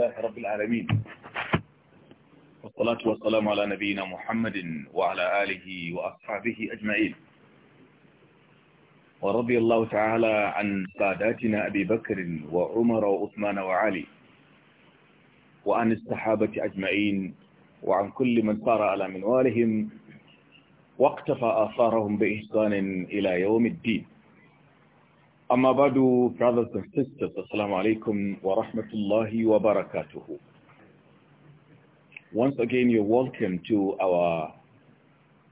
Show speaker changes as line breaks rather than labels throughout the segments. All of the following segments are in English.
لله رب العالمين والصلاة والسلام على نبينا محمد وعلى آله وأصحابه أجمعين ورضي الله تعالى عن ساداتنا أبي بكر وعمر وعثمان وعلي وعن الصحابة أجمعين وعن كل من صار على منوالهم واقتفى آثارهم بإحسان إلى يوم الدين أما بعد, brothers and sisters, Assalamu alaikum wa rahmatullahi wa barakatuhu. Once again, you're welcome to our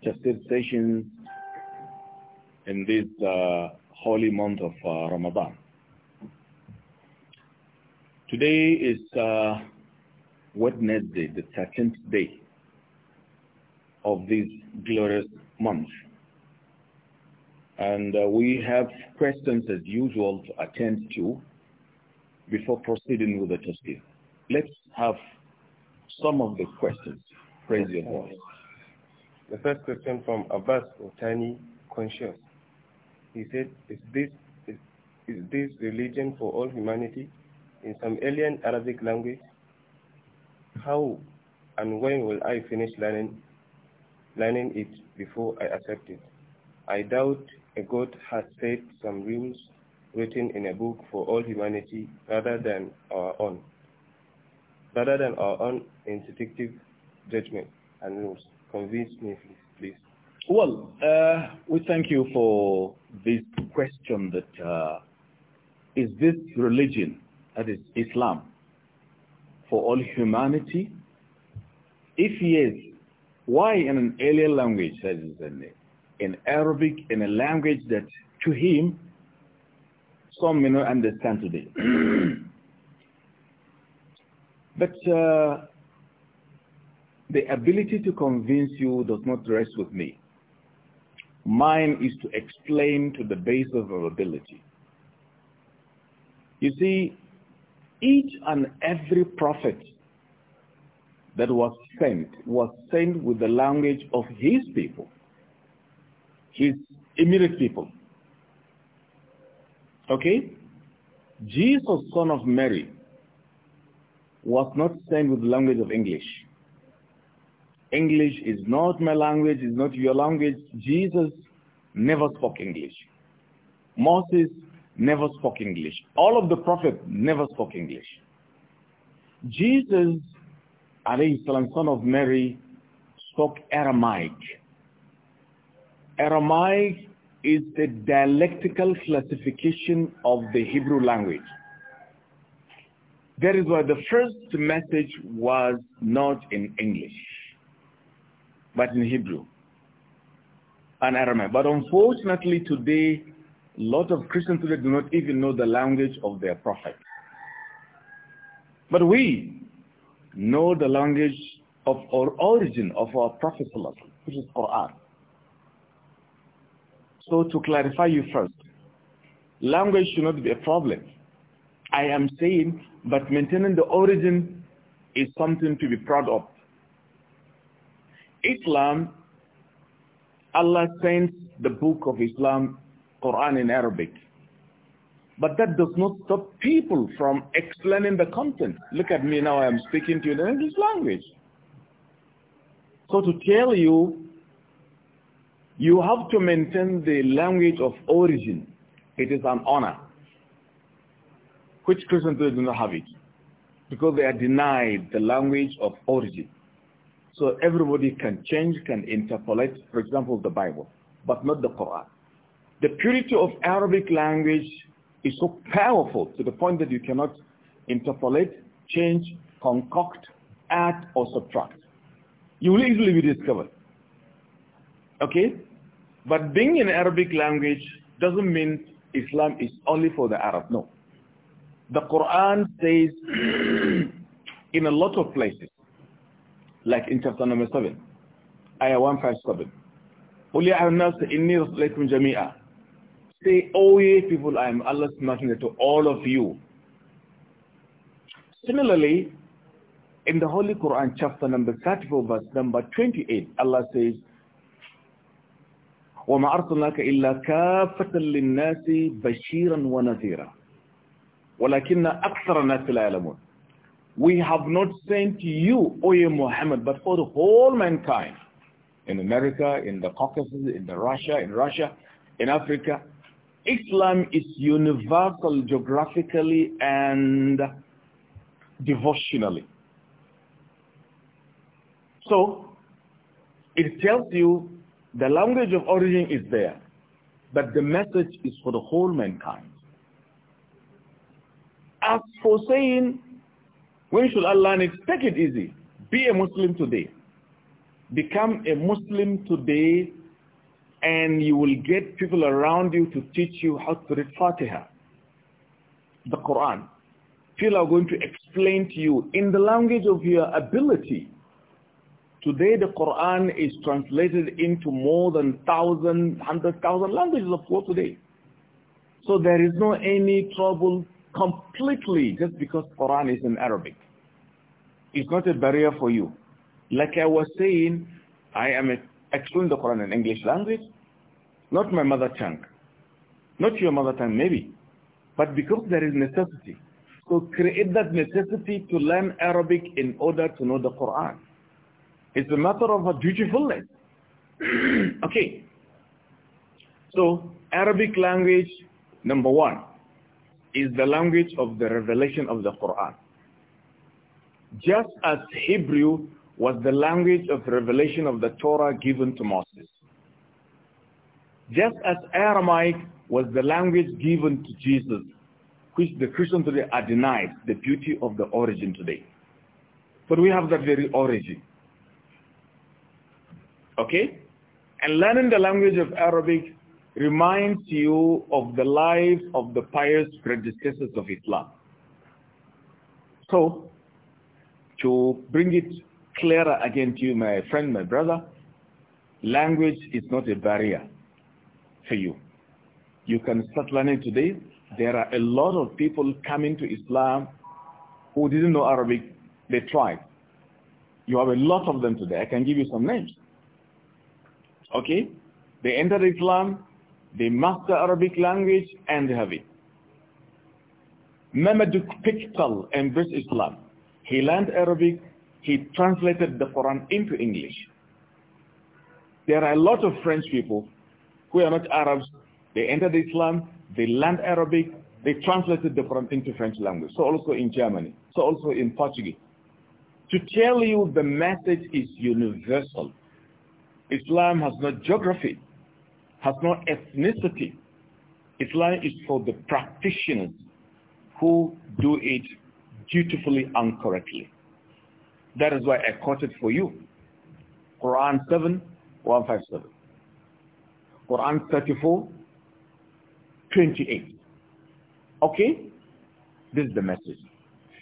tafsir sessions in this uh, holy month of uh, Ramadan. Today is uh, Wednesday, the 13th day of this glorious month and uh, we have questions as usual to attend to before proceeding with the testing. Let's have some of the questions. Praise your voice. The first question from Abbas Otani Conscious. He said, is this, is, is this religion for all humanity in some alien Arabic language? How and when will I finish learning, learning it before I accept it? I doubt a God has set some rules written in a book for all humanity rather than our own, rather than our own instinctive judgment and rules. Convince me, please. Well, uh, we thank you for this question that uh, is this religion, that is Islam, for all humanity? If yes, why in an alien language, has it name? in Arabic, in a language that to him, some may not understand today. but uh, the ability to convince you does not rest with me. Mine is to explain to the base of our ability. You see, each and every prophet that was sent was sent with the language of his people his immediate people. Okay? Jesus, son of Mary, was not sent with the language of English. English is not my language, is not your language. Jesus never spoke English. Moses never spoke English. All of the prophets never spoke English. Jesus, alayhi salam, son of Mary, spoke Aramaic. Aramaic is the dialectical classification of the Hebrew language. That is why the first message was not in English, but in Hebrew and Aramaic. But unfortunately today, a lot of Christians today do not even know the language of their prophet. But we know the language of our origin, of our prophet, which is Quran. So to clarify you first, language should not be a problem. I am saying, but maintaining the origin is something to be proud of. Islam, Allah sends the book of Islam, Quran in Arabic. But that does not stop people from explaining the content. Look at me now, I am speaking to you in English language. So to tell you you have to maintain the language of origin. It is an honor. Which Christians do not have it? Because they are denied the language of origin. So everybody can change, can interpolate, for example, the Bible, but not the Quran. The purity of Arabic language is so powerful to the point that you cannot interpolate, change, concoct, add, or subtract. You will easily be discovered. Okay? But being in Arabic language doesn't mean Islam is only for the Arab. No. The Quran says in a lot of places, like in chapter number 7, ayah 157, قُلْ يَا النَّاسِ إِنِّي رَسُولَيْكُمْ جَمِيعًا Say, O ye people, I am Allah's messenger to all of you. Similarly, in the Holy Quran, chapter number 34, verse number 28, Allah says, وما أرسلناك إلا كافة للناس بشيرا ونذيرا ولكن أكثر الناس لا يعلمون We have not sent you, O ye Muhammad, but for the whole mankind. In America, in the Caucasus, in the Russia, in Russia, in Africa. Islam is universal geographically and devotionally. So, it tells you the language of origin is there, but the message is for the whole mankind. As for saying, when should I learn it? Take it easy. Be a Muslim today. Become a Muslim today and you will get people around you to teach you how to read Fatiha, the Quran. People are going to explain to you in the language of your ability Today the Quran is translated into more than thousand, hundred thousand languages of course today. So there is no any trouble completely just because Quran is in Arabic. It's not a barrier for you. Like I was saying, I am explaining the Quran in English language, not my mother tongue. Not your mother tongue maybe, but because there is necessity. So create that necessity to learn Arabic in order to know the Quran. It's a matter of a dutifulness. okay. So Arabic language, number one, is the language of the revelation of the Quran. Just as Hebrew was the language of revelation of the Torah given to Moses. Just as Aramaic was the language given to Jesus, which the Christians today are denied the beauty of the origin today. But we have that very origin. Okay? And learning the language of Arabic reminds you of the lives of the pious predecessors of Islam. So, to bring it clearer again to you, my friend, my brother, language is not a barrier for you. You can start learning today. There are a lot of people coming to Islam who didn't know Arabic. They tried. You have a lot of them today. I can give you some names. Okay? They entered Islam, they master Arabic language, and they have it. Mamadou Piqtal embraced Islam. He learned Arabic, he translated the Quran into English. There are a lot of French people who are not Arabs. They entered Islam, they learned Arabic, they translated the Quran into French language. So also in Germany, so also in Portuguese. To tell you the message is universal. Islam has no geography, has no ethnicity. Islam is for the practitioners who do it dutifully and correctly. That is why I quoted for you. Quran 7, 157. Quran 34, 28. Okay? This is the message.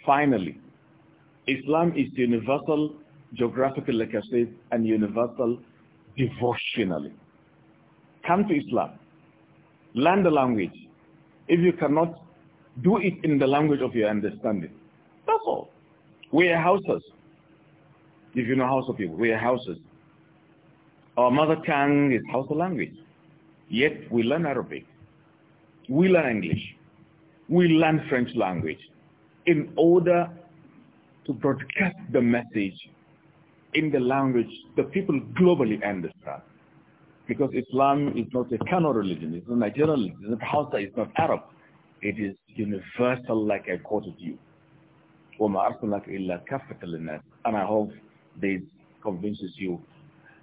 Finally, Islam is universal geographical, like I said, and universal devotionally. Come to Islam. Learn the language. If you cannot, do it in the language of your understanding. That's all. We are houses. If you know house of people, we are houses. Our mother tongue is house of language. Yet we learn Arabic. We learn English. We learn French language in order to broadcast the message in the language the people globally understand. Because Islam is not a Kano religion, it's not Nigerian religion, it's not Hausa, it's not Arab. It is universal like I quoted you. And I hope this convinces you.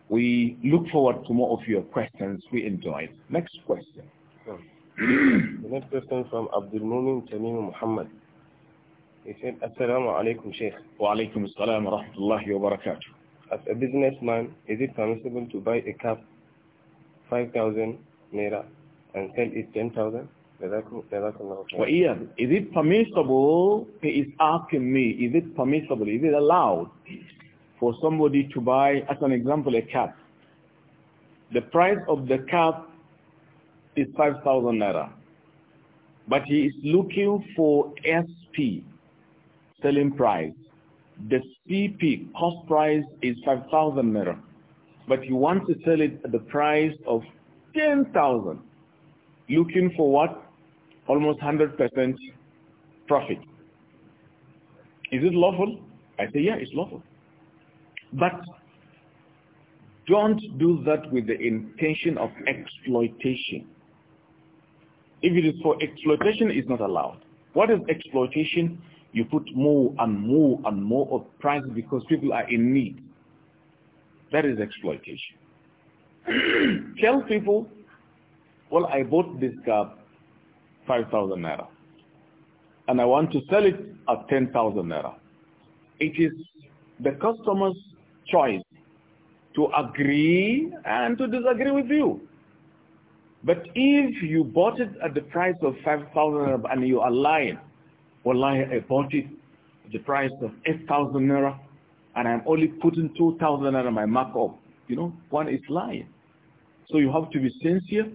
We look forward to more of your questions. We enjoy it. Next question. the next question from Abdul Mumin Tamim Muhammad. He said, Assalamu alaikum, Sheikh. Wa alaikum assalam wa rahmatullahi wa barakatuh. As a businessman, is it permissible to buy a cap 5,000 naira and sell it 10,000?
Well,
Ian, Is it permissible? He is asking me, is it permissible? Is it allowed for somebody to buy, as an example, a cap? The price of the cap is 5,000 naira. But he is looking for SP, selling price the CP cost price is 5,000 naira, but you want to sell it at the price of 10,000, looking for what? Almost 100% profit. Is it lawful? I say, yeah, it's lawful. But don't do that with the intention of exploitation. If it is for exploitation, it's not allowed. What is exploitation? You put more and more and more of price because people are in need. That is exploitation. Tell people, well, I bought this car 5,000 naira and I want to sell it at 10,000 naira. It is the customer's choice to agree and to disagree with you. But if you bought it at the price of 5,000 and you are lying, Wallahi, I bought it at the price of 8,000 naira and I'm only putting 2,000 naira my markup. You know, one is lying. So you have to be sincere.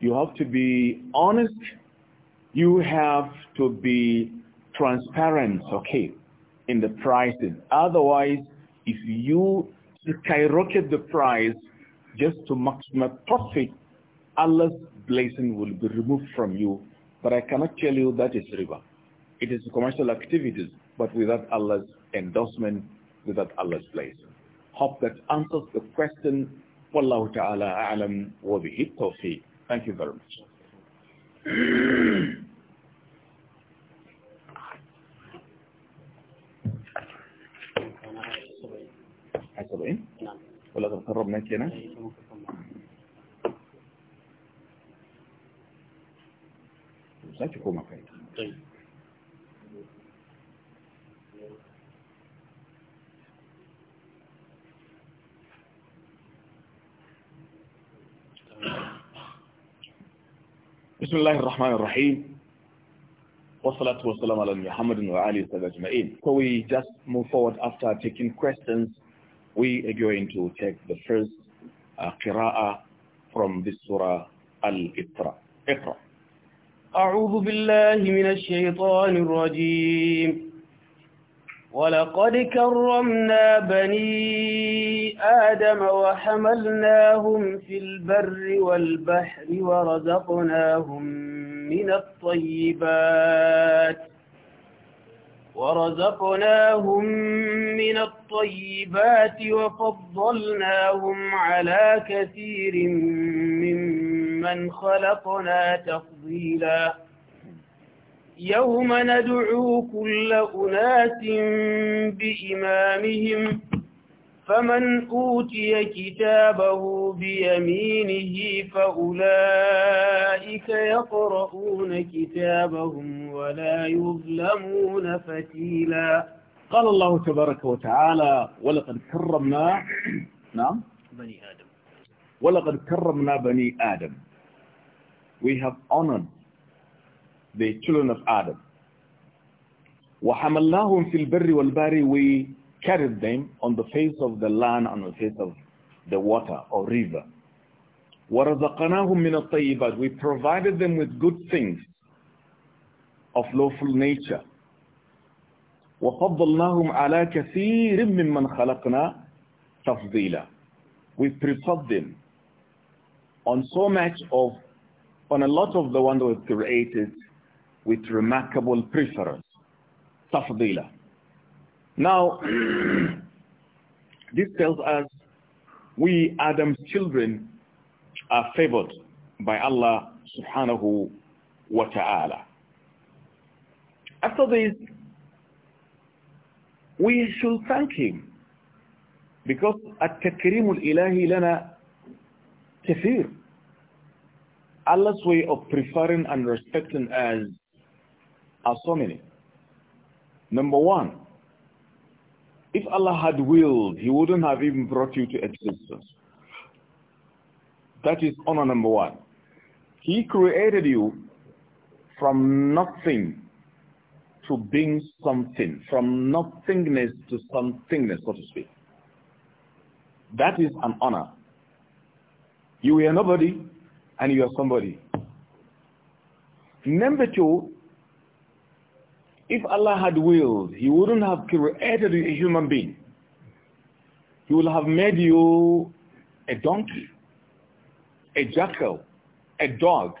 You have to be honest. You have to be transparent, okay, in the prices. Otherwise, if you skyrocket the price just to maximize profit, Allah's blessing will be removed from you. But I cannot tell you that is riba. It is commercial activities, but without Allah's endorsement, without Allah's place. Hope that answers the question. Wallahu ta'ala a'lam wa bihi tawfiq. Thank you very much. ولا
كنا طيب
بسم الله الرحمن الرحيم والصلاة والسلام على محمد أجمعين So we just move forward after taking questions. We are going to take the first uh, from this surah Al-Iqra. Iqra.
اعوذ بالله من الشيطان الرجيم ولقد كرمنا بني آدم وحملناهم في البر والبحر ورزقناهم من الطيبات ورزقناهم من الطيبات وفضلناهم على كثير ممن خلقنا تفضيلاً يوم ندعو كل أناس بإمامهم فمن أوتي كتابه بيمينه فأولئك يقرؤون كتابهم ولا يظلمون فتيلا قال
الله تبارك وتعالى ولقد كرمنا نعم بني آدم ولقد كرمنا بني آدم we have honored the children of Adam. وَحَمَلْنَاهُمْ فِي الْبَرِّ walbari We carried them on the face of the land, on the face of the water or river. وَرَزَقَنَاهُمْ مِنَ الطَّيِّبَاتِ We provided them with good things of lawful nature. وَفَضَّلْنَاهُمْ عَلَى كَثِيرٍ مِّمَّنْ خَلَقْنَا تَفْضِيلًا We preferred them on so much of, on a lot of the ones that we created with remarkable preference. Tafdila. Now, this tells us we, Adam's children, are favored by Allah subhanahu wa ta'ala. After this, we should thank him because التكريم الإلهي لنا كثير Allah's way of preferring and respecting us are so many. Number one, if Allah had willed, he wouldn't have even brought you to existence. That is honor number one. He created you from nothing to being something, from nothingness to somethingness, so to speak. That is an honor. You were nobody and you are somebody. Number two, if Allah had willed, he wouldn't have created a human being. He would have made you a donkey, a jackal, a dog,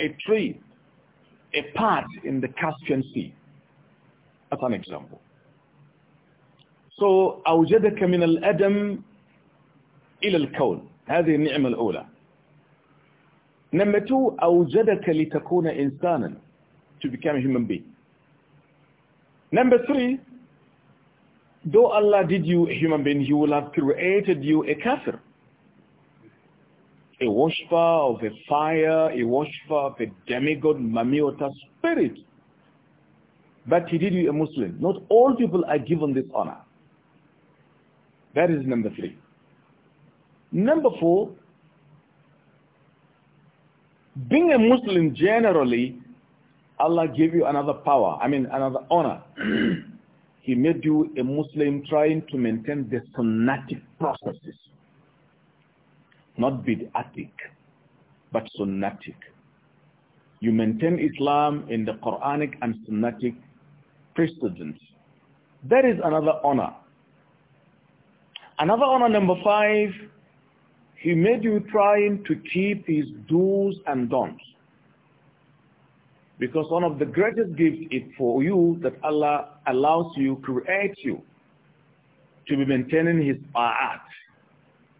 a tree, a part in the Caspian Sea. That's an example. So أوجدك من الأدم إلى الكون هذه النعمة الأولى Number two, أوجدك لتكون إنسانا to become a human being. Number three, though Allah did you a human being, He will have created you a kafir. A worshiper of a fire, a worshiper of a demigod, mamiota spirit. But He did you a Muslim. Not all people are given this honor. That is number three. Number four, being a Muslim generally Allah gave you another power, I mean another honor. he made you a Muslim trying to maintain the sunnatic processes. Not bid'atic, but sunnatic. You maintain Islam in the Quranic and sunnatic precedents. That is another honor. Another honor number five, he made you trying to keep his do's and don'ts. Because one of the greatest gifts is for you that Allah allows you, creates you to be maintaining his art.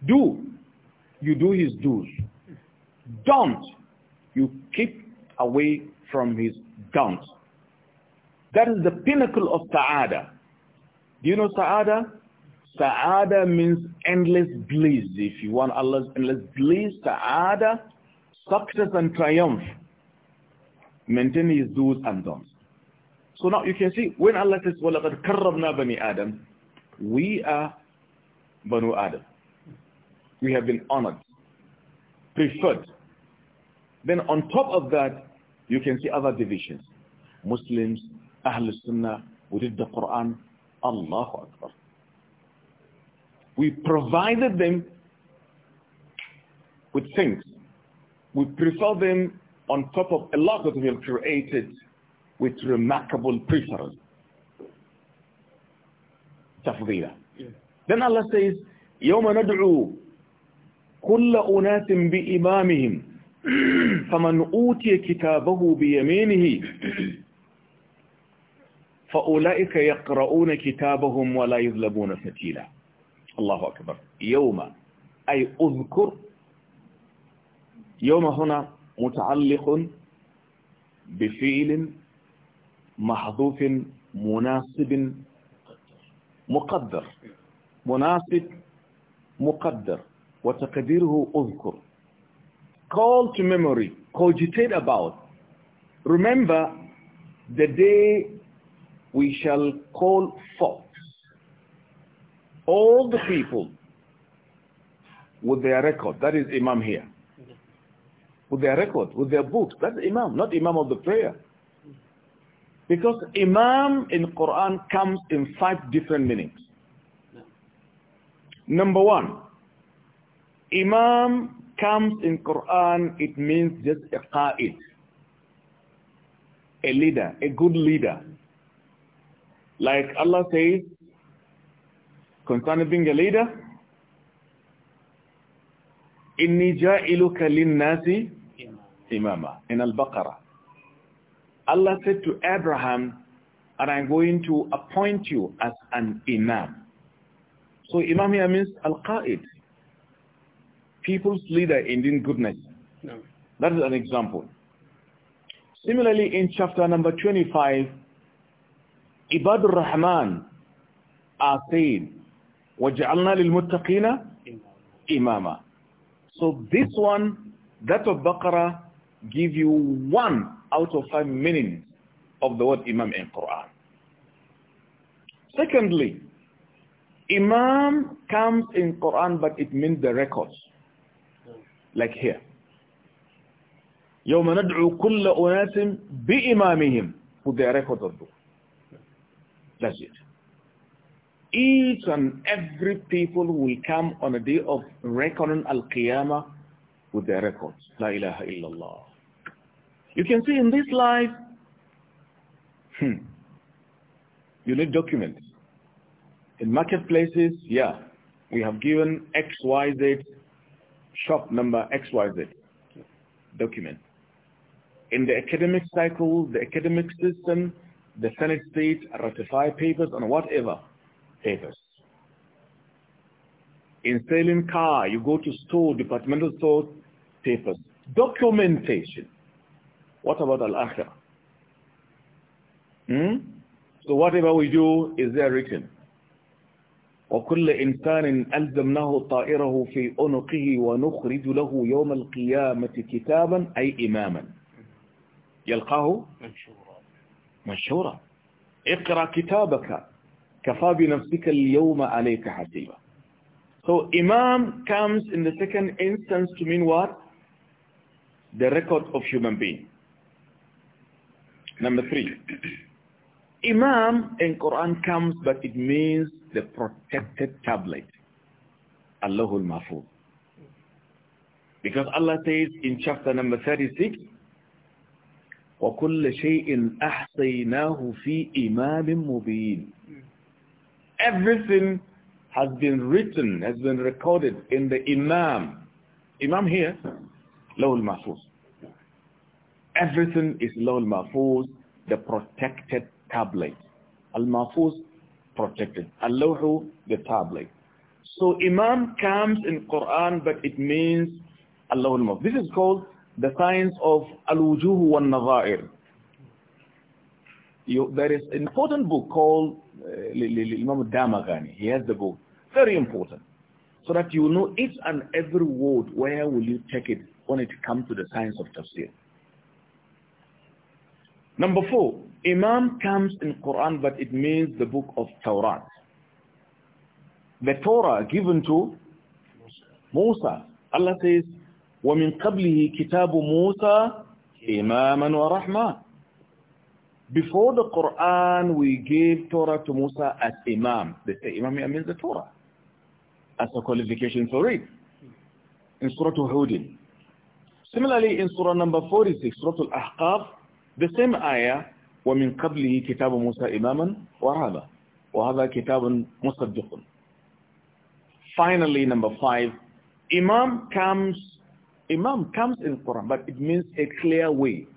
Do. You do his dues. Don't. You keep away from his don't. That is the pinnacle of Sa'ada. Do you know Sa'ada? Sa'ada means endless bliss. If you want Allah's endless bliss, Sa'ada, success and triumph maintaining his do's and don'ts. So now you can see when Allah says, وَلَقَدْ كَرَّمْنَا بَنِي Adam, we are Banu Adam. We have been honored, preferred. Then on top of that, you can see other divisions. Muslims, Ahlul Sunnah, we did the Quran, Allahu Akbar. We provided them with things. We prefer them on top of a lot that we have created with remarkable preference. Tafdila. Yeah. Then Allah says, يَوْمَ نَدْعُو كُلَّ أُنَاسٍ بِإِمَامِهِمْ فَمَنْ أُوتِيَ كِتَابَهُ بِيَمِينِهِ فَأُولَئِكَ يَقْرَؤُونَ كِتَابَهُمْ وَلَا يُذْلَبُونَ فَتِيلًا الله أكبر يوم أي أذكر يوم هنا متعلق بفعل محذوف مناسب مقدر مناسب مقدر وتقديره أذكر call to memory cogitate about remember the day we shall call forth all the people with their record that is Imam here with their record, with their book. That's imam, not imam of the prayer. Because imam in Quran comes in five different meanings. Number one, imam comes in Quran, it means just a qa'id, a leader, a good leader. Like Allah says, concerning being a leader, إِنِّي جَائِلُكَ لِلنَّاسِ Imama in Al-Baqarah. Allah said to Abraham, and I'm going to appoint you as an Imam. So Imam here means Al-Qa'id, people's leader in goodness. No. That is an example. Similarly, in chapter number 25, Ibadur Rahman are saying, وَجَعَلْنَا لِلْمُتَّقِينَ إِمَامًا So this one, that of Baqarah, give you one out of five meanings of the word imam in Quran. Secondly, imam comes in Quran but it means the records. Like here. يوم ندعو كل أناس بإمامهم for their records of book. That's it. Each and every people will come on a day of reckoning Al-Qiyamah with their records. La ilaha illallah. You can see in this life, hmm, you need documents. In marketplaces, yeah, we have given XYZ, shop number XYZ document. In the academic cycle, the academic system, the Senate state ratify papers on whatever papers. In selling car, you go to store, departmental store, papers. Documentation. What about Al-Akhirah? Hmm? So whatever we do is there written. وكل إنسان ألزمناه طائره في أنقه ونخرج له يوم القيامة كتابا أي إماما يلقاه منشورا اقرأ كتابك كفى بنفسك اليوم عليك حسيبا So Imam comes in the second instance to mean what? The record of human being. Number three, Imam in Quran comes, but it means the protected tablet. Allahul Mahfuz. Because Allah says in chapter number 36, وَكُلَّ شَيْءٍ أَحْصَيْنَاهُ فِي إِمَامٍ مُبِينٍ Everything has been written, has been recorded in the Imam. Imam here, لَهُ الْمَحْفُوظ Everything is law al-mahfuz, the protected tablet. Al-mahfuz, protected. al the tablet. So imam comes in Quran, but it means Allah al-mahfuz. This is called the science of al wa wal-nazair. There is an important book called uh, Imam Damaghani. He has the book. Very important. So that you know each and every word, where will you take it when it comes to the science of tafsir. Number four, Imam comes in Quran but it means the book of Torah. The Torah given to Musa. Allah says, وَمِن قَبْلِهِ كِتَابُ مُوسَى إِمَامًا وَرَحْمَةً Before the Quran, we gave Torah to Musa as Imam. They say Imam means the Torah as a qualification for it. In Surah Hudin. Similarly, in Surah number 46, Surah Al-Ahqaf, the same ayah, وَمِن قَبْلِهِ كِتَابُ مُوسَى إِمَامًا وَرَهَبًا وَهَذَا كِتَابٌ مُصَدِّقٌ Finally, number five, Imam comes, Imam comes in Quran, but it means a clear way,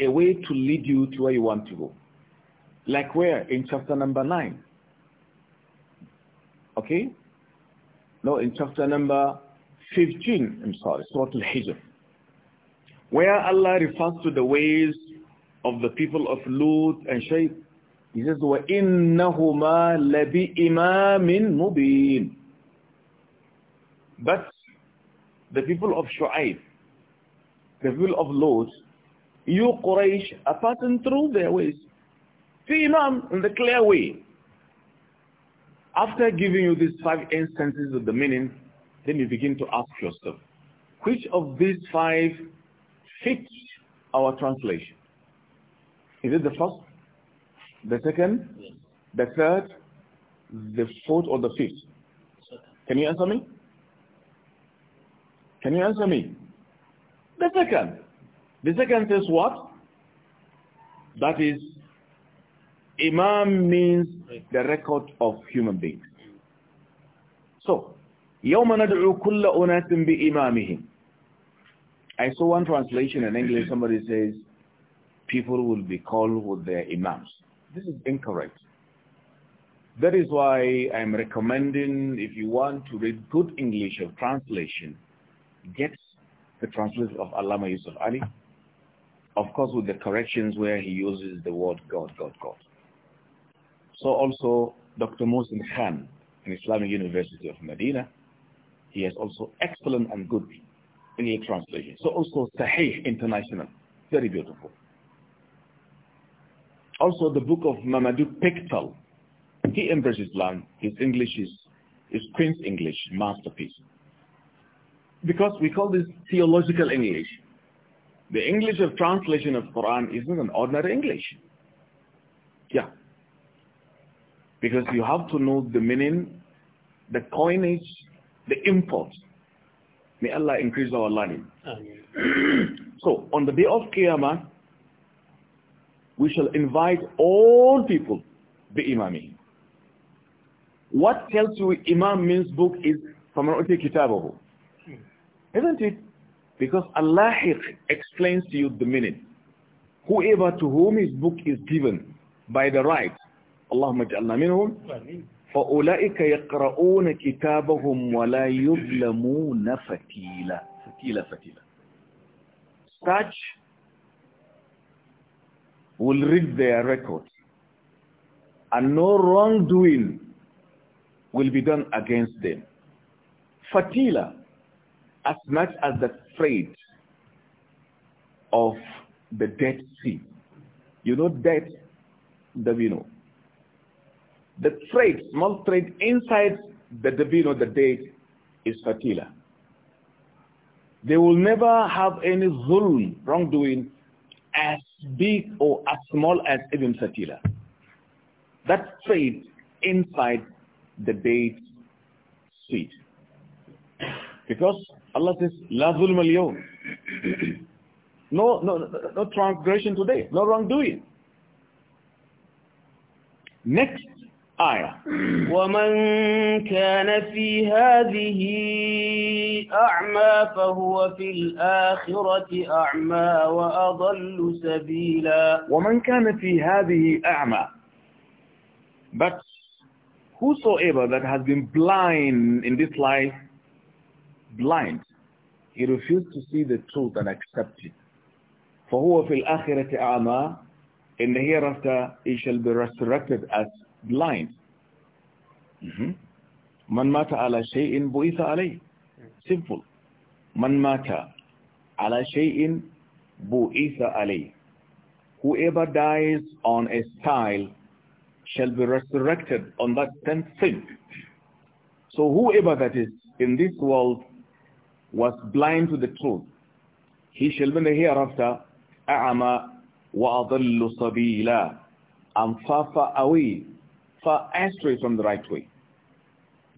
a way to lead you to where you want to go. Like where? In chapter number nine. Okay? No, in chapter number 15, I'm sorry, Surah Al-Hijr where Allah refers to the ways of the people of Lut and Shaykh, he says, وَإِنَّهُمَا لَبِإِمَامٍ مُبِينٍ But the people of Shu'aib, the people of Lut, you Quraysh are passing through their ways. See Imam in the clear way. After giving you these five instances of the meaning, then you begin to ask yourself, which of these five Fit our translation. Is it the first, the second, the third, the fourth or the fifth? Can you answer me? Can you answer me? The second. The second says what? That is, Imam means the record of human beings. So, يوم ندعو كل أناس بإمامهم I saw one translation in English, somebody says, people will be called with their imams. This is incorrect. That is why I'm recommending if you want to read good English of translation, get the translation of Allama Yusuf Ali, of course with the corrections where he uses the word God, God, God. So also Dr. Mohsin Khan in Islamic University of Medina, he has also excellent and good in English translation. So also Sahih International. Very beautiful. Also the book of Mamadou Pictal. He embraces land. His English is, is Queen's English, masterpiece. Because we call this theological English. The English of translation of Quran is not an ordinary English. Yeah. Because you have to know the meaning, the coinage, the import May Allah increase our learning. so, on the day of Qiyamah, we shall invite all people, the imami. What tells you imam means book is Samanoti hmm. Kitabahu. Isn't it? Because Allah explains to you the meaning. Whoever to whom his book is given by the right, Allahumma ja'alna
minhum
فأولئك يقرؤون كتابهم ولا يظلمون فتيلة فتيلة فتيلة fatila such will read their records and no wrongdoing will be done against them fatila as much as the freight of the Dead Sea you know death the you know The thread, small thread inside the of the date, is fatila. They will never have any zulm, wrongdoing, as big or as small as even fatila. That thread inside the date seed. Because Allah says, La zulma no, no, no, no transgression today, no wrongdoing. Next, آية
ومن كان في هذه أعمى فهو في الآخرة أعمى وأضل
سبيلا ومن كان في هذه أعمى But whosoever that has been blind in this life, blind, he refused to see the truth and accept it. فهو في الآخرة أعمى In the hereafter, he shall be resurrected as blind. Mm-hmm. Man mata ala shay'in bu'itha alayh. Simple. Man mata ala shay'in bu'itha alayh. Whoever dies on a style shall be resurrected on that same thing. So whoever that is in this world was blind to the truth, he shall be in the hereafter أعمى وأضل سبيلا and far far away فأستري from the right way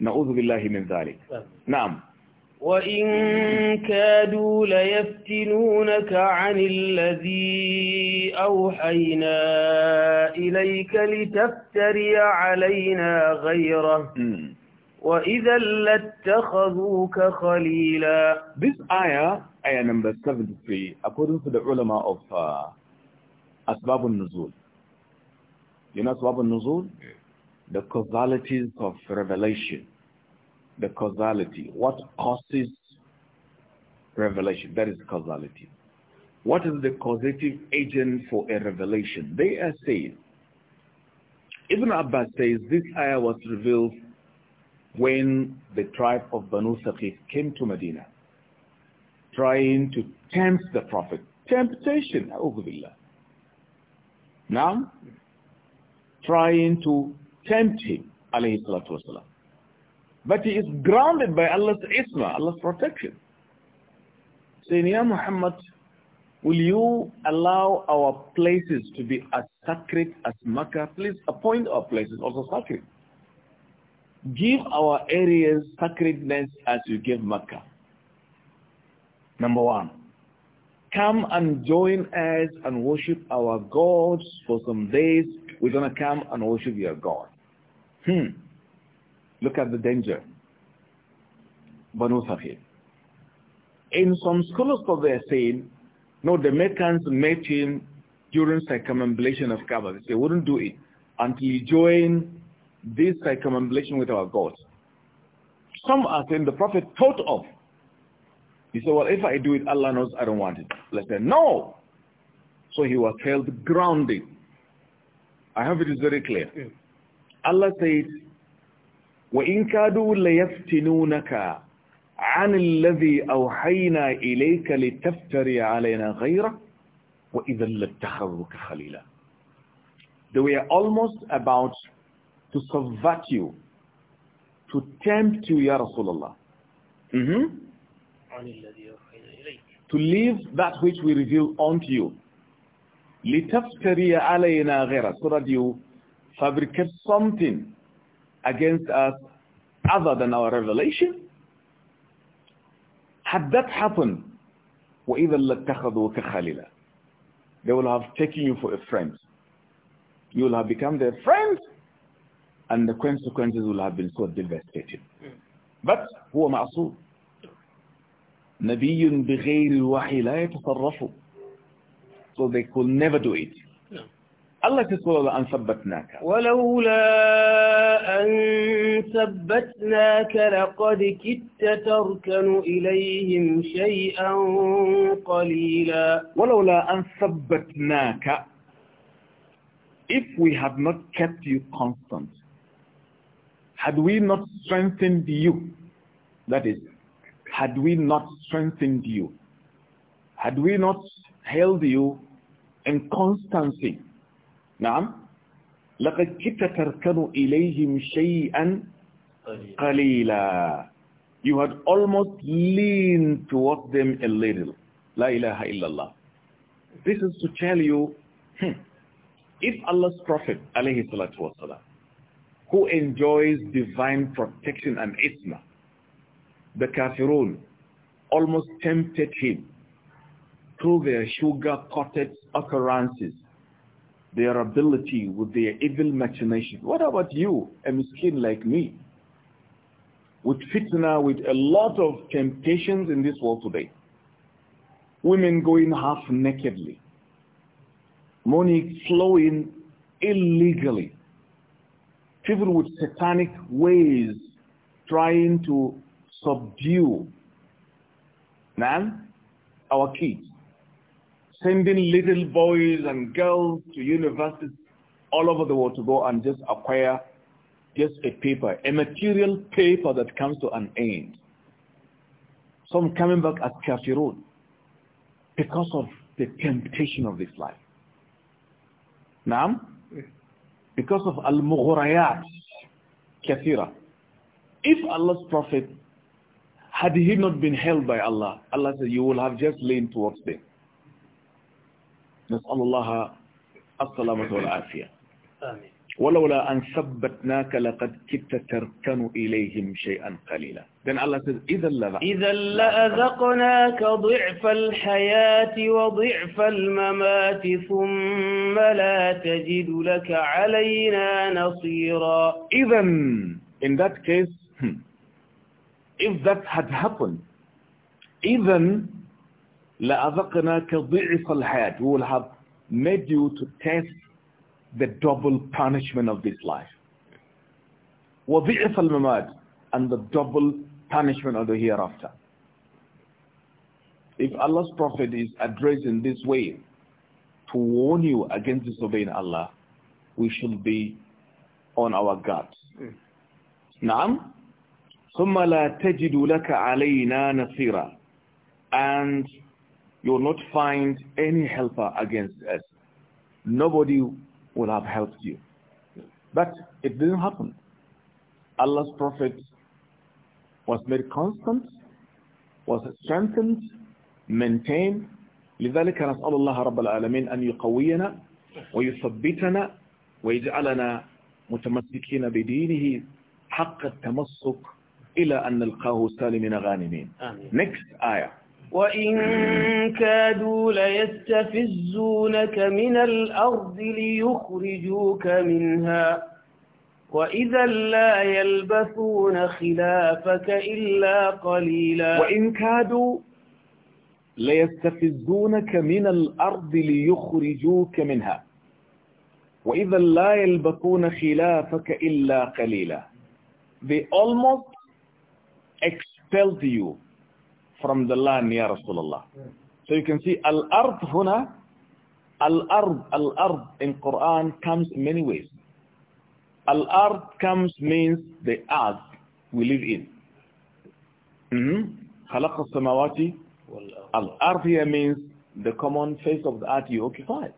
نعوذ بالله من ذلك نعم
وإن كادوا ليفتنونك عن الذي أوحينا إليك لتفتري علينا
غيره hmm. وإذا لاتخذوك خليلا This ayah, ayah number 73, according to the ulama of uh, أسباب النزول. You know أسباب النزول? Yeah. the causalities of revelation. The causality. What causes revelation? That is causality. What is the causative agent for a revelation? They are saying, Ibn Abbas says this ayah was revealed when the tribe of Banu Saqif came to Medina, trying to tempt the Prophet. Temptation, Now, trying to tempt him, alayhi salatu wasalam. But he is grounded by Allah's isma, Allah's protection. Saying, Ya Muhammad, will you allow our places to be as sacred as Makkah? Please appoint our places also sacred. Give our areas sacredness as you give Makkah. Number one, come and join us and worship our gods for some days. We're going to come and worship your God. Hmm. Look at the danger. Banu Safir. In some scholars they are saying, no, the Meccans met him during circumambulation of Kaaba. They wouldn't do it until you join this circumambulation with our God. Some are saying the Prophet thought of. He said, well, if I do it, Allah knows I don't want it. Let's say, no. So he was held grounded. I hope it is very clear. Yeah. Allah says, وَإِن كَادُوا لَيَفْتِنُونَكَ عَنِ الَّذِي أَوْحَيْنَا إِلَيْكَ لِتَفْتَرِي عَلَيْنَا غَيْرَهُ وَإِذًا لَاتَّخَذُكَ خَلِيلًا They were almost about to subvert you, to tempt you, Ya Rasulullah. Mm -hmm. To leave that which we reveal unto you. لِتَفْتَرِي عَلَيْنَا غَيْرَهُ So that you fabricate something against us other than our revelation? Had that happened, وَإِذَا لَاتَّخَذُوكَ خَلِيلًا They will have taken you for a friend. You will have become their friend, and the consequences will have been so devastating. Hmm. But هو معصوم. نبي بغير الوحي لا يتصرف. So they could never do it. Allah ta tsoro an sabbatna ka. Walaula
an sabbatna ka laqad kitta tarkanu ilayhim
shay'an qalila. Walaula an if we had not kept you constant had we not strengthened you that is had we not strengthened you had we not held you in constancy نعم لقد كنت تركن إليهم شيئا قليلا You had almost leaned towards them a little. La ilaha illallah. This is to tell you, hmm, if Allah's Prophet, عليه salatu who enjoys divine protection and isma, the kafirun almost tempted him through their sugar-coated occurrences their ability with their evil machination. What about you, a miskin like me? With fitna, with a lot of temptations in this world today. Women going half nakedly. Money flowing illegally. People with satanic ways trying to subdue man, our kids sending little boys and girls to universities all over the world to go and just acquire just a paper, a material paper that comes to an end. Some coming back as kafirun because of the temptation of this life. Now, Because of al-mughurayat kathira. If Allah's prophet, had he not been held by Allah, Allah said, you will have just leaned towards them. نسأل الله السلامة والعافية ولولا أن ثبتناك لقد كدت تركن إليهم شيئا قليلا then الله تز... إذا لذا إذا
لأذقناك ضعف الحياة وضعف الممات ثم لا تجد لك علينا نصيرا
إذا in that case hmm, if that had happened even لَأَذَقْنَاكَ ضِعِفَ الْحَيَاةِ We will have made you to taste the double punishment of this life. وَضِعِفَ الْمَمَاتِ And the double punishment of the hereafter. If Allah's Prophet is addressed in this way to warn you against disobeying Allah, we should be on our guard. نعم hmm. ثم لا تجد لك علينا نصيرا and you will not find any helper against us. Nobody will have helped you. But it didn't happen. Allah's prophet was made constant, was strengthened, maintained. لذلك نسأل الله رب العالمين أن يقوينا ويثبتنا ويجعلنا متمسكين بدينه حق التمسك إلى أن نلقاه سالمين غانمين. Next ayah.
وإن كادوا ليستفزونك من الأرض ليخرجوك منها وإذا لا يلبثون خلافك إلا قليلا وإن
كادوا ليستفزونك من الأرض ليخرجوك منها وإذا لا يلبثون خلافك إلا قليلا They almost expelled you from the land, Ya Rasulullah. So you can see Al-Ard huna, Al-Ard, Al-Ard in Quran comes in many ways. Al-Ard comes means the earth we live in. خلق mm-hmm. السماوات Al-Ard here means the common face of the earth you occupy.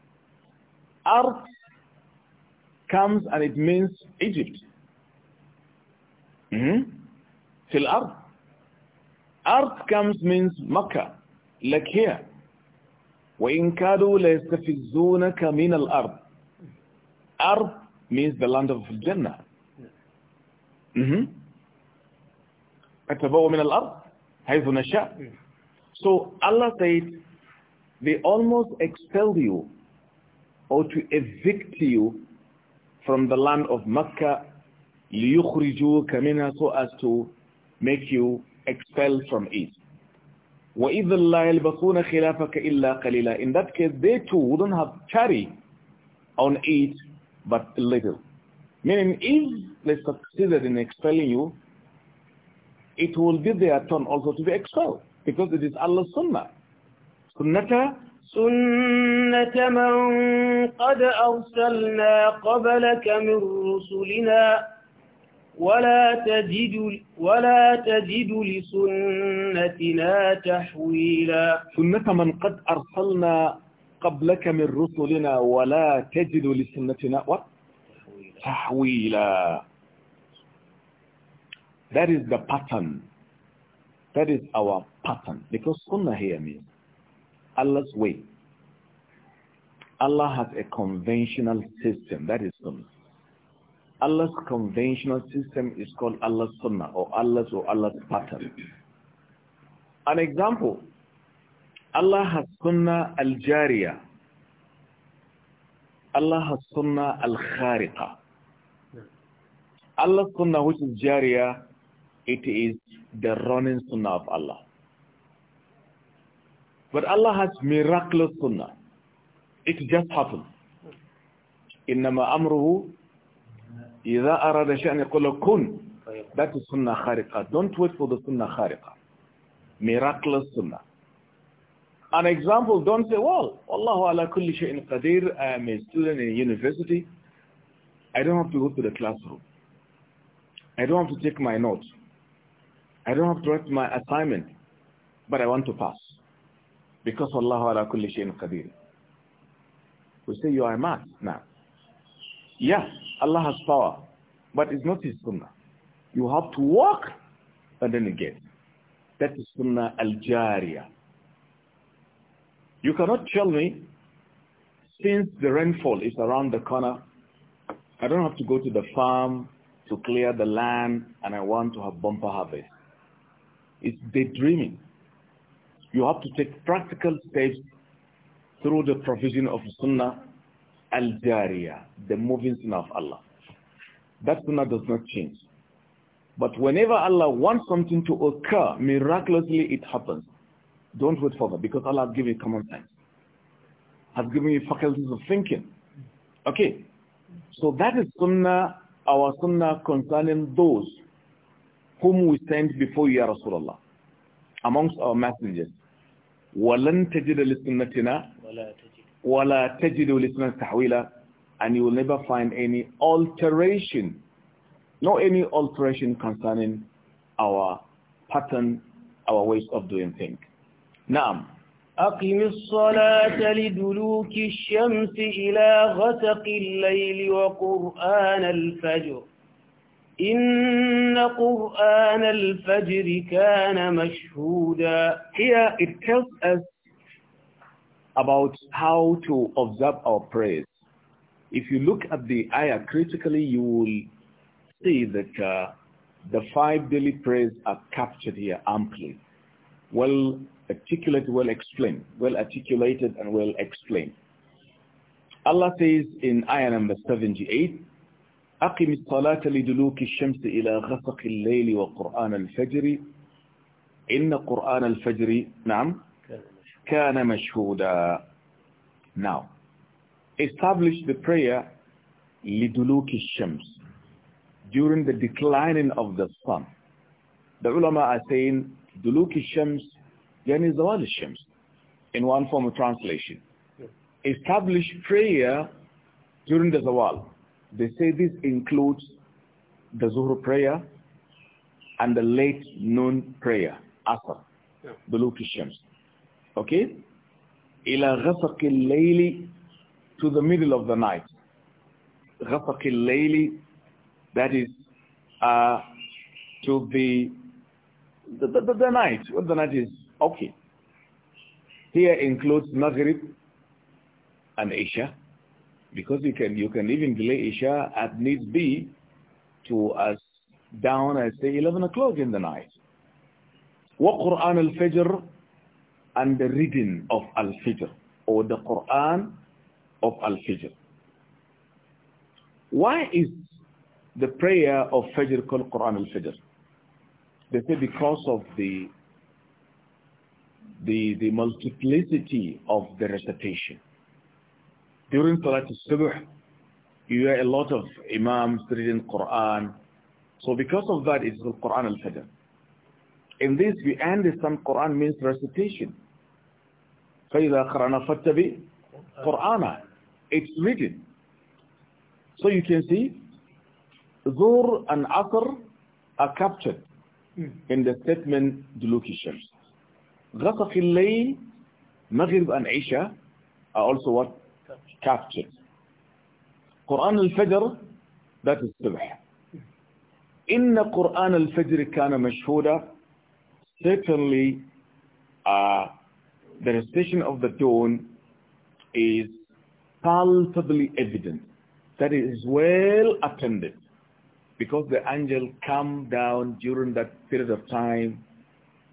Ard comes and it means Egypt.
في mm-hmm.
الأرض Earth comes means Makkah, like here. وَإِن كَادُوا لَيَسْتَفِزُّونَكَ مِنَ الْأَرْضِ Earth means the land of Jannah. Mm-hmm. أَتَبَوَ مِنَ الْأَرْضِ حَيْثُ نَشَاءُ So Allah said, they almost expel you or to evict you from the land of Makkah لِيُخْرِجُوكَ مِنَا so as to make you expelled from it. وَإِذَا اللَّهِ خِلَافَكَ إِلَّا قَلِيلًا In that case, they too wouldn't have charity on it but little. Meaning, if they succeeded in expelling you, it will be their turn also to be expelled because it is Allah's sunnah. Sunnata سُنَّةَ مَنْ
قَدْ أَرْسَلْنَا قَبْلَكَ مِنْ رُسُلِنَا ولا تجد ولا تجد لسنتنا
تحويلا سنة من قد أرسلنا قبلك من رسلنا ولا تجد لسنتنا تحويلا That is the pattern. That is our pattern. Because sunnah here means Allah's way. Allah has a conventional system. That is sunnah. Allah's conventional system is called Allah's Sunnah or Allah's or Allah's pattern. An example, Allah has Sunnah al jariya Allah has Sunnah al-Khariqah. Allah's Sunnah which is jariya, it is the running Sunnah of Allah. But Allah has miraculous Sunnah. It just happened. إنما أمره إذا أراد شأن يقول له كن ذات السنة خارقة khariqah. Don't wait for the sunnah khariqah. Miraculous sunnah. An example, don't say, well, Allahu ala kulli shay'in qadir, I am a student in a university. I don't have to go to the classroom. I don't have to take my notes. I don't have to write my assignment. But I want to pass. Because Allahu على كل شيء قدير We say you are mad now. Yeah, Allah has power, but it's not his sunnah. You have to walk and then again. That is sunnah al-jariyah. You cannot tell me, since the rainfall is around the corner, I don't have to go to the farm to clear the land and I want to have bumper harvest. It's daydreaming. You have to take practical steps through the provision of sunnah al the moving sunnah of Allah. That sunnah does not change. But whenever Allah wants something to occur, miraculously it happens. Don't wait for that because Allah has given you common sense, has given you faculties of thinking. Okay, so that is sunnah, our sunnah concerning those whom we send before you, Ya Rasulullah, amongst our messengers. وَلَن تَجِدَ لِسُنَّتِنَا وَلَا تَجِدُ لِسْنًا تَحْوِيلًا And you will never find any alteration, no any alteration concerning our pattern, our ways of doing things. نعم أقم الصلاة
لدلوك الشمس إلى غسق الليل وقرآن الفجر إن قرآن الفجر كان مشهودا
Here it tells us about how to observe our prayers. If you look at the ayah critically, you will see that uh, the five daily prayers are captured here amply, well articulated, well explained, well articulated and well explained. Allah says in ayah number 78, أقم الصلاة لدلوك الشمس إلى غسق الليل وقرآن الفجر إن قرآن الفجر نعم كان مشهودا Now, establish the prayer لدلوك الشمس during the declining of the sun. The ulama are saying دلوك الشمس يعني زوال الشمس in one form of translation. Establish prayer during the zawal. They say this includes the zuhr prayer and the late noon prayer, asr, yeah. Okay? إِلَى غَسَقِ اللَّيْلِ To the middle of the night. غَسَقِ اللَّيْلِ That is uh, to the the, the, the night. What the night is? Okay. Here includes Maghrib and Isha because you can you can even delay Isha at needs be to as down as say 11 o'clock in the night. وقرآن الفجر and the reading of Al-Fijr or the Quran of Al-Fijr. Why is the prayer of Fajr called Quran Al-Fijr? They say because of the, the, the multiplicity of the recitation. During Salat al-Subh, you hear a lot of imams reading Quran. So because of that, it's called Quran Al-Fajr. In this, we understand Quran means recitation. فَإِذَا قَرَأْنَا فَاتَّبِي Quran, It's written. So you can see, Zur and Asr are captured hmm. in the statement Duluki Shams. غَسَقِ اللَّيْلِ Maghrib and Isha are also what? Captured. Quran al-Fajr, that is Subh. Inna Quran al-Fajr kana mashhuda. Certainly, uh, the recession of the dawn is palpably evident that it is well attended because the angel come down during that period of time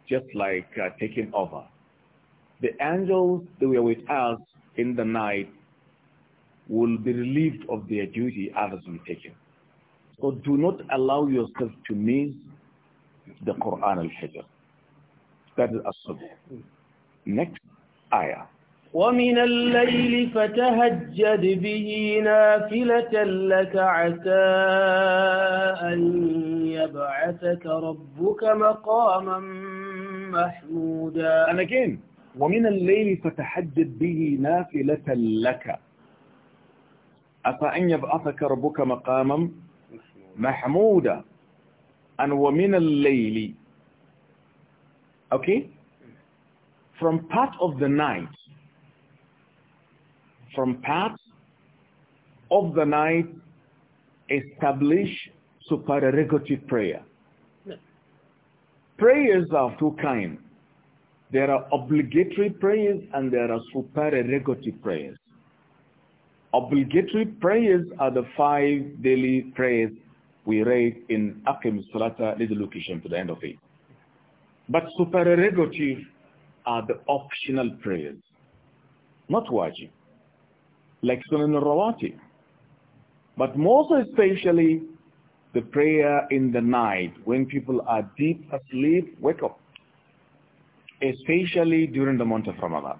just like uh, taking over. The angels that were with us in the night will be relieved of their duty, others will take it. So do not allow yourself to miss the Quran al-Hijr. That is Next ayah.
ومن الليل فتهجد به نافلة لك عسى أن يبعثك ربك مقاما محمودا
And again ومن الليل فتهجد به نافلة لك عسى أن يبعثك ربك مقاما محمودا And ومن الليل Okay from part of the night, from part of the night, establish supererogative prayer. Prayers are two kinds. There are obligatory prayers and there are supererogative prayers. Obligatory prayers are the five daily prayers we read in Akim Salata, little location to the end of it. But supererogative are the optional prayers, not wajib, like Sunan al-Rawati. But most especially the prayer in the night when people are deep asleep, wake up, especially during the month of Ramadan.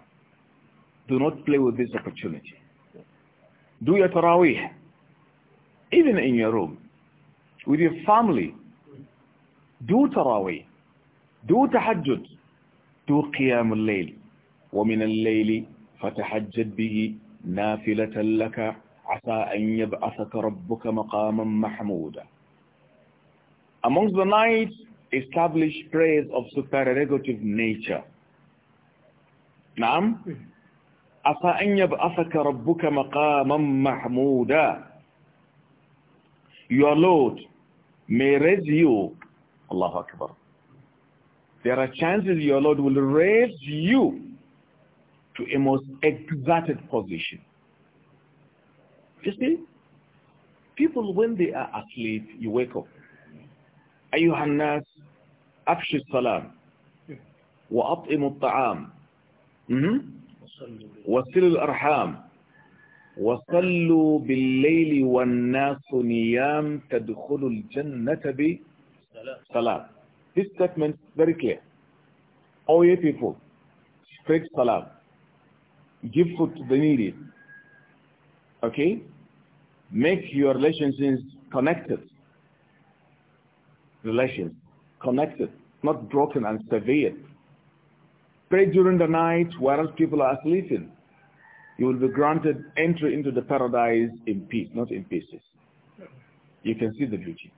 Do not play with this opportunity. Do your tarawih, even in your room, with your family. Do tarawih, do tahajjud, قيام الليل ومن الليل فتحجد به نافلة لك عسى أن يبعثك ربك مقاما محمودا Amongst the night, establish prayers of supererogative nature. نعم عسى أن يبعثك ربك مقاما محمودا Your Lord may raise you Allahu Akbar there are chances your Lord will raise you to a most exalted position. You see, people when they are asleep, you wake up. Ayuhannas, Afshis Salam, wa at'imu ta'am, wa silil arham, wa sallu bil layli wa nasu niyam tadkhulu al jannata bi this statement very clear. All ye people, spread salam. Give food to the needy. Okay? Make your relationships connected. Relations connected, not broken and severed. Pray during the night while people are sleeping. You will be granted entry into the paradise in peace, not in pieces. You can see the beauty.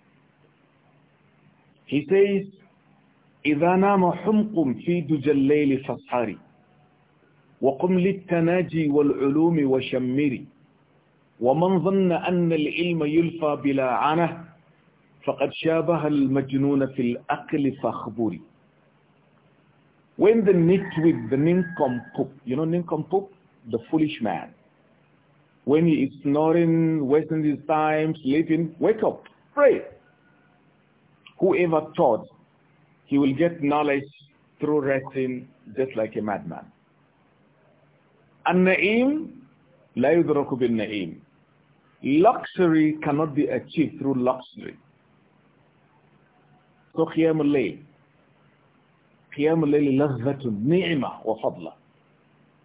He says, إذا نام حمق في دجى الليل فاصحاري وقم للتناجي والعلوم وشمري ومن ظن أن العلم يلفى بلا عنه فقد شابه المجنون في الأقل فاخبري When the with the nincompoop, you know nincompoop? The foolish man. When he is snoring, wasting his time, sleeping, wake up, pray. Whoever thought He will get knowledge through resting just like a madman. And naim la yudraku bin-na'im. Luxury cannot be achieved through luxury. So qiyam al-layl. Qiyam al-layl lazatun ni'mah wa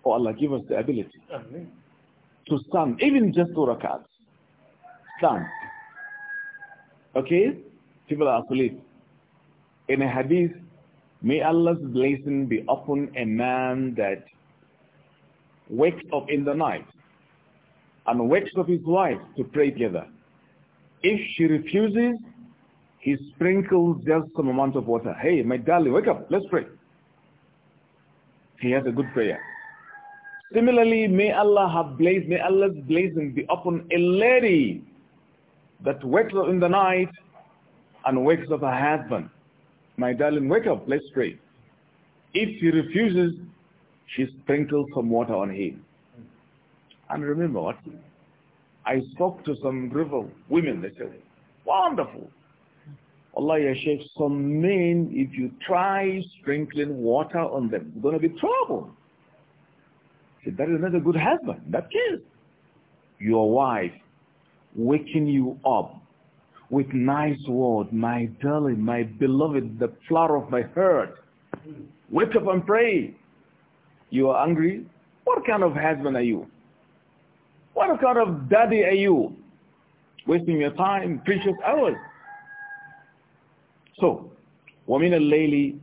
Oh Allah, give us the ability Amen. to stand, even just two rakats. Stand. Okay? People are asleep in a hadith, may Allah's blessing be upon a man that wakes up in the night and wakes up his wife to pray together. If she refuses, he sprinkles just some amount of water. Hey, my darling, wake up, let's pray. He has a good prayer. Similarly, may Allah have blessed, may Allah's blessing be upon a lady that wakes up in the night and wakes up her husband my darling, wake up, let's pray. If he refuses, she sprinkles some water on him. And remember what? I spoke to some river women, they said, wonderful. Allah, Ya Sheikh, some men, if you try sprinkling water on them, you're going to be trouble. said, that is not a good husband. That is your wife waking you up with nice word, my darling, my beloved, the flower of my heart. Wake up and pray. You are angry? What kind of husband are you? What kind of daddy are you? Wasting your time, precious hours. So, وَمِنَ اللَّيْلِ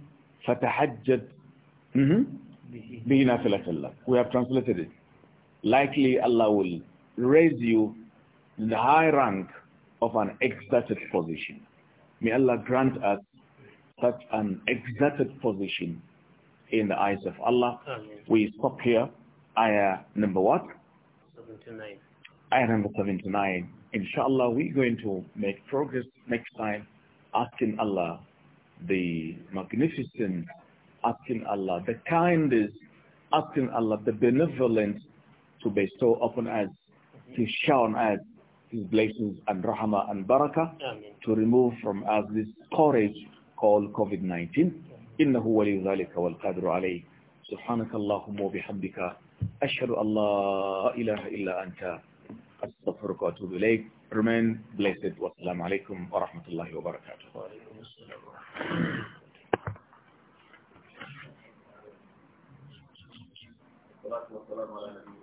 فَتَحَجَّدْ mm-hmm. بِهِنَا فِلَكَ We have translated it. Likely Allah will raise you in the high rank of an exalted position. May Allah grant us such an exalted position in the eyes of Allah.
Amen. We
stop here. Ayah number what?
79.
Ayah number 79. Inshallah, we're going to make progress next time, asking Allah the magnificent, asking Allah the kindest, asking Allah the benevolent to bestow upon us, to shower on us his blessings and rahmah and barakah to remove from us this scourge called COVID-19. إنه ولي ذلك والقادر عليه سبحانك اللهم وبحمدك أشهد أن إله إلا أنت أستغفرك وأتوب إليك Remain blessed. Wassalamu alaikum wa rahmatullahi wa
barakatuh.